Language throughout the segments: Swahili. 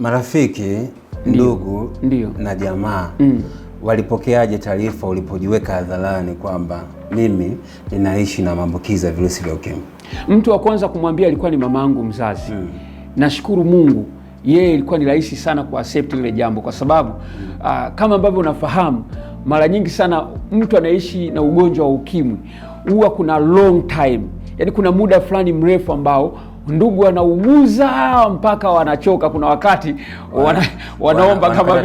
Marafiki, ndugu ndio na jamaa mm. walipokeaje taarifa ulipojiweka hadharani kwamba mimi ninaishi na maambukizi ya virusi vya ukimwi? Mtu wa kwanza kumwambia alikuwa ni yangu mzazi mm. Nashukuru Mungu yeye ilikuwa ni rahisi sana kuaccept lile jambo kwa sababu mm. uh, kama ambavyo unafahamu mara nyingi sana mtu anaishi na ugonjwa wa ukimwi huwa kuna long time, yani kuna muda fulani mrefu ambao ndugu anauguza mpaka wanachoka. Kuna wakati wana, wanaomba wana, kama eh,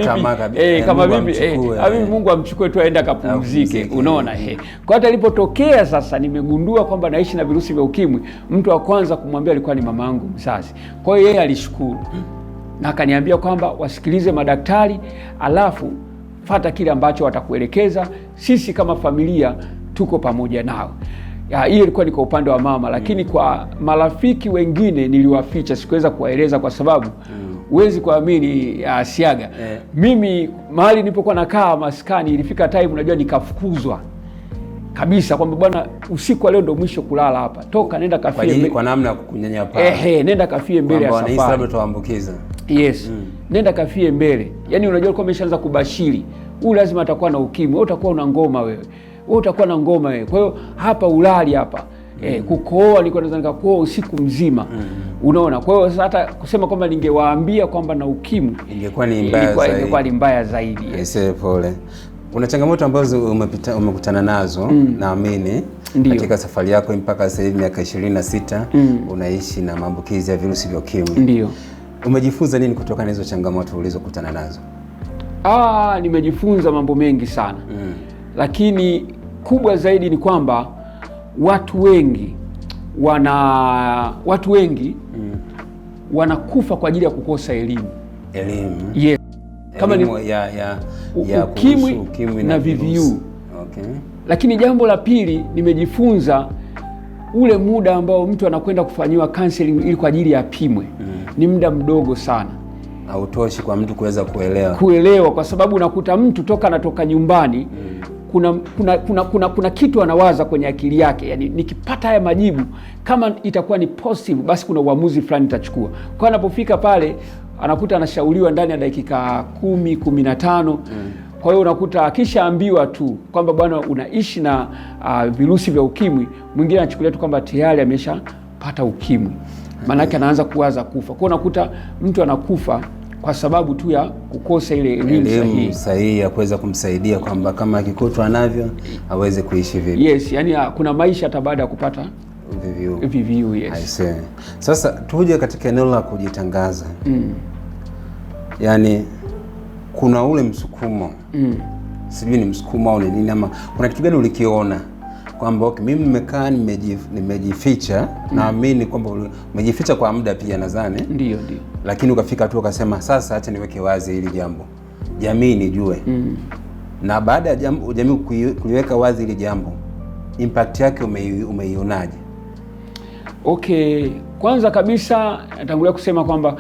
vipi eh, kama vipi eh, Mungu amchukue tu aende akapumzike. Unaona eh, kwa hata ilipotokea sasa, nimegundua kwamba naishi na virusi vya ukimwi, mtu wa kwanza kumwambia alikuwa ni mama yangu mzazi. Kwa hiyo yeye alishukuru na akaniambia kwamba wasikilize madaktari, alafu fata kile ambacho watakuelekeza. Sisi kama familia tuko pamoja nao hiyo ilikuwa ni kwa upande wa mama, lakini mm. kwa marafiki wengine niliwaficha, sikuweza kuwaeleza kwa sababu mm. huwezi mm. kuamini siaga eh. Mimi mahali nilipokuwa nakaa maskani, ilifika time unajua nikafukuzwa kabisa kwamba bwana, usiku wa leo ndo mwisho kulala hapa, toka nenda kafie kwa, kwa namna eh, eh, nenda kafie mbele ya safari tuambukiza yes mm. nenda kafie mbele, yani unajua alikuwa ameshaanza kubashiri, huyu lazima atakuwa na ukimwi, utakuwa una ngoma wewe wewe utakuwa na ngoma wewe. Kwa hiyo hapa ulali hapa E, eh, mm. kukooa nilikuwa naweza nikakuoa usiku mzima mm. Unaona, kwa hiyo sasa hata kusema kwamba ningewaambia kwamba na ukimwi ingekuwa ni mbaya zaidi. ingekuwa ni mbaya zaidi. Eh, pole, kuna changamoto ambazo umepita, umekutana nazo mm. Naamini katika safari yako mpaka sasa hivi miaka ishirini na sita mm. unaishi na maambukizi ya virusi vya ukimwi. Ndio. Umejifunza nini kutokana na hizo changamoto ulizokutana nazo? Ah, nimejifunza mambo mengi sana mm. lakini kubwa zaidi ni kwamba watu wengi wana watu wengi mm. wanakufa kwa ajili ya kukosa elimu elimu yes. kama elimu ni ya, ya, ya ukimwi, ukimwi na, na VVU okay. Lakini jambo la pili nimejifunza ule muda ambao mtu anakwenda kufanyiwa counseling ili kwa ajili ya pimwe mm. ni muda mdogo sana, hautoshi kwa mtu kuweza kuelewa kuelewa, kwa sababu unakuta mtu toka anatoka nyumbani mm kuna, kuna, kuna, kuna, kuna kitu anawaza kwenye akili yake, yani nikipata haya majibu kama itakuwa ni positive, basi kuna uamuzi fulani itachukua kwa anapofika pale anakuta anashauriwa ndani ya dakika kumi kumi na tano mm. Kwa hiyo unakuta akishaambiwa tu kwamba bwana unaishi na uh, virusi vya ukimwi, mwingine anachukulia tu kwamba tayari ameshapata ukimwi, maanake anaanza kuwaza kufa. Kwa hiyo unakuta mtu anakufa kwa sababu tu ya kukosa ile elimu sahihi ya kuweza kumsaidia kwamba kama kikutwa anavyo aweze kuishi vipi. Yes, yani ah, kuna maisha hata baada ya kupata VVU. VVU, yes. Sasa tuje katika eneo la kujitangaza mm. Yani kuna ule msukumo mm. Sijui ni msukumo au ni nini ama kuna kitu gani ulikiona kwamba okay, mimi nimekaa nimejificha mm. Naamini kwamba umejificha kwa muda pia nadhani ndio ndio, lakini ukafika tu ukasema sasa acha niweke wazi hili jambo, jamii nijue mm. Na baada ya jamii kuliweka wazi hili jambo, impact yake umeionaje? Okay, kwanza kabisa natangulia kusema kwamba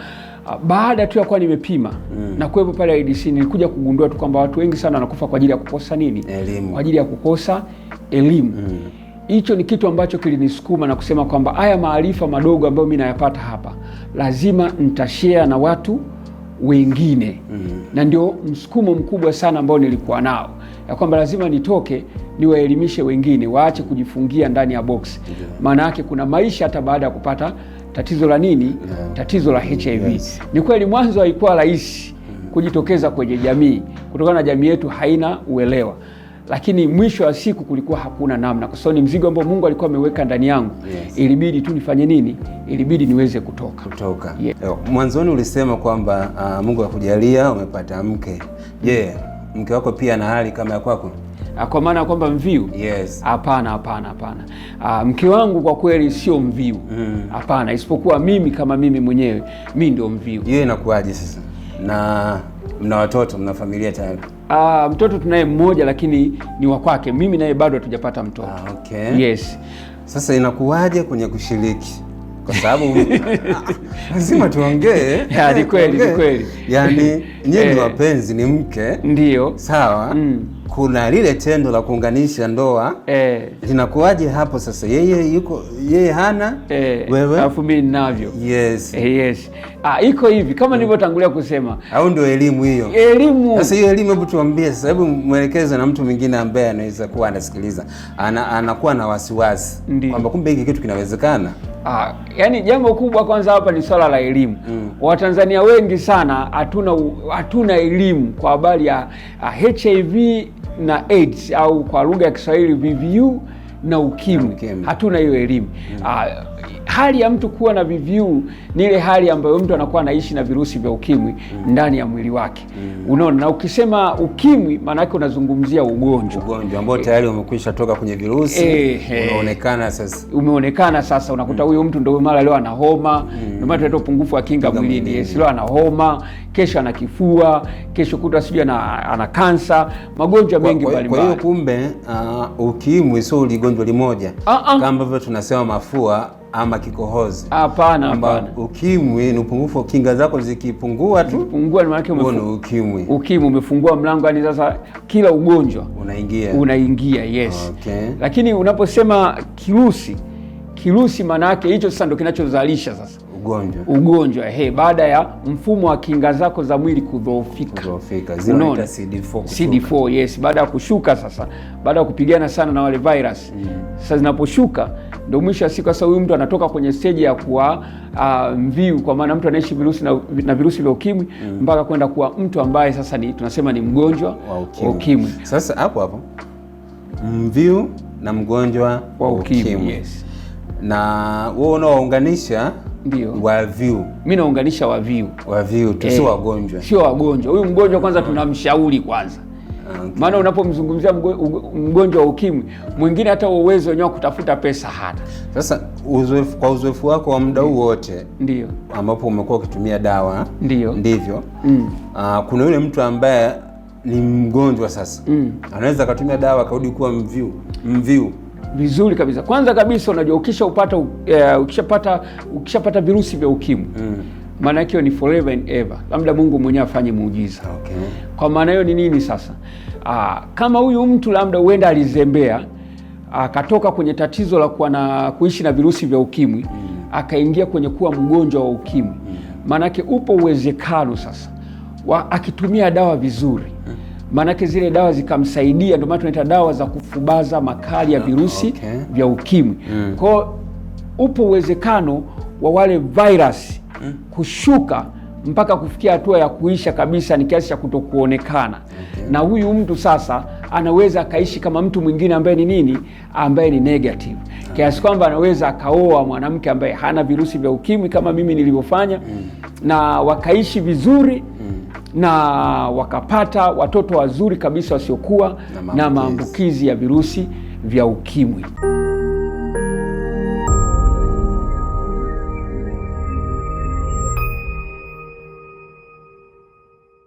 baada tu ya kuwa nimepima mm. na kuwepo pale IDC nilikuja kugundua tu kwamba watu wengi sana wanakufa kwa ajili ya kukosa nini? Elimu. Kwa ajili ya kukosa elimu mm. hicho mm. ni kitu ambacho kilinisukuma na kusema kwamba haya maarifa madogo ambayo mimi nayapata hapa lazima nitashare na watu wengine mm. na ndio msukumo mkubwa sana ambao nilikuwa nao ya kwamba lazima nitoke niwaelimishe wengine waache kujifungia ndani ya box. Maana yake kuna maisha hata baada ya kupata tatizo la nini? Yeah. Tatizo la HIV. Yes. Ni kweli mwanzo haikuwa rahisi kujitokeza kwenye jamii kutokana na jamii yetu haina uelewa, lakini mwisho wa siku kulikuwa hakuna namna, kwa sababu ni mzigo ambao Mungu alikuwa ameweka ndani yangu. Yes. Ilibidi tu nifanye nini? Ilibidi niweze kutoka kutoka. Yeah. Eh, mwanzoni ulisema kwamba uh, Mungu akujalia umepata mke. Je, yeah. mke wako pia ana hali kama ya kwako? Ah, kwa maana ya kwamba mviu? Yes. Hapana, hapana, hapana. Ah, mke wangu kwa kweli sio mviu, mm. hapana mm. Isipokuwa mimi kama mimi mwenyewe mi ndio mviu. Hiyo inakuwaje sasa? Na mna watoto, mna familia tayari? Uh, mtoto tunaye mmoja lakini ni wa kwake, mimi naye bado hatujapata mtoto. Ah, okay. Yes. Sasa inakuwaje kwenye kushiriki kwa sababu lazima tuongee. Ni kweli, ni kweli. Yaani nyinyi ni eh. wapenzi, ni mke ndio sawa mm kuna lile tendo la kuunganisha ndoa eh, linakuwaje hapo sasa? Yeye yuko yeye hana eh, wewe alafu mimi ninavyo. Yes, eh, yes. Ah, iko hivi kama mm. nilivyotangulia kusema, au ndio elimu hiyo? Elimu sasa hiyo elimu, hebu tuambie sasa, hebu mwelekeze na mtu mwingine ambaye anaweza kuwa anasikiliza ana, anakuwa na wasiwasi kwamba kumbe hiki kitu kinawezekana. Ah, yani jambo kubwa kwanza hapa ni swala la elimu mm. Watanzania wengi sana hatuna hatuna elimu kwa habari ya HIV na AIDS au kwa lugha ya Kiswahili VVU na ukimwi, Hatuna hiyo elimu mm. Ah, hali ya mtu kuwa na VVU ni ile hali ambayo mtu anakuwa anaishi na virusi vya ukimwi mm. ndani ya mwili wake mm. Unaona, na ukisema ukimwi maana yake unazungumzia ugonjwa, ugonjwa ambao tayari eh. umekwisha toka kwenye virusi e. unaonekana sasa, umeonekana sasa, unakuta mm. huyo mm. mtu ndio mara leo ana homa mm. ndio maana tunaita upungufu wa kinga mwilini, yes, leo ana homa kesho ana kifua, kesho kuta sijui ana kansa, magonjwa mengi mbalimbali. Kwa hiyo kumbe, uh, ukimwi sio ligonjwa limoja uh ah, -uh. Ah. kama ambavyo tunasema mafua ama kikohozi. Hapana, hapana. Ukimwi ni upungufu, kinga zako zikipungua tu, pungua ni maana umefungua ukimwi. Ukimwi umefungua mlango, yani sasa kila ugonjwa unaingia, unaingia yes. Okay. Lakini unaposema kirusi, kirusi maana yake hicho sasa ndio kinachozalisha sasa ugonjwa, ugonjwa he, baada ya mfumo wa kinga zako za mwili kudhoofika, kudhoofika. Zinaita CD4, CD4, yes, baada ya kushuka sasa, baada ya kupigana sana na wale virus mm. Sasa zinaposhuka ndio mwisho wa siku sasa, huyu mtu anatoka kwenye stage ya kuwa uh, ah, mviu, kwa maana mtu anaishi virusi na, na virusi vya ukimwi mm. mpaka kwenda kuwa mtu ambaye sasa ni, tunasema ni mgonjwa wa ukimwi. Sasa hapo hapo mviu na mgonjwa wa ukimwi yes. na wewe unaounganisha ndio waviu. Mi naunganisha waviu, waviu tu, sio eh, wagonjwa, sio wagonjwa. Huyu mgonjwa kwanza tunamshauri kwanza Okay. Maana unapomzungumzia mgonjwa wa ukimwi mwingine hata uwezo wenyewe kutafuta pesa hata. Sasa uzoefu, kwa uzoefu wako wa muda huu wote ndio ambapo umekuwa ukitumia dawa ndio ndivyo mm. Aa, ah, kuna yule mtu ambaye ni mgonjwa sasa mm. anaweza akatumia dawa akarudi kuwa mviu mviu vizuri kabisa. Kwanza kabisa unajua ukishapata uh, ukishapata ukishapata virusi vya ukimwi mm. Maana yake ni forever and ever, labda Mungu mwenyewe afanye muujiza okay. Kwa maana hiyo ni nini sasa? Uh, kama huyu mtu labda huenda alizembea akatoka kwenye tatizo la kuwa na kuishi na virusi vya ukimwi mm. akaingia kwenye kuwa mgonjwa wa ukimwi mm. upo uwezekano sasa wa, akitumia dawa vizuri maanake zile dawa zikamsaidia, ndio maana tunaita dawa za kufubaza makali ya virusi ah, okay. vya ukimwi mm. Kwao upo uwezekano wa wale virus hmm. kushuka mpaka kufikia hatua ya kuisha kabisa, ni kiasi cha kutokuonekana okay. Na huyu mtu sasa anaweza akaishi kama mtu mwingine ambaye ni nini, ambaye ni negative okay. Ah. Kiasi kwamba anaweza akaoa mwanamke ambaye hana virusi vya ukimwi kama mimi nilivyofanya mm. na wakaishi vizuri na wakapata watoto wazuri kabisa wasiokuwa na maambukizi ya virusi vya ukimwi.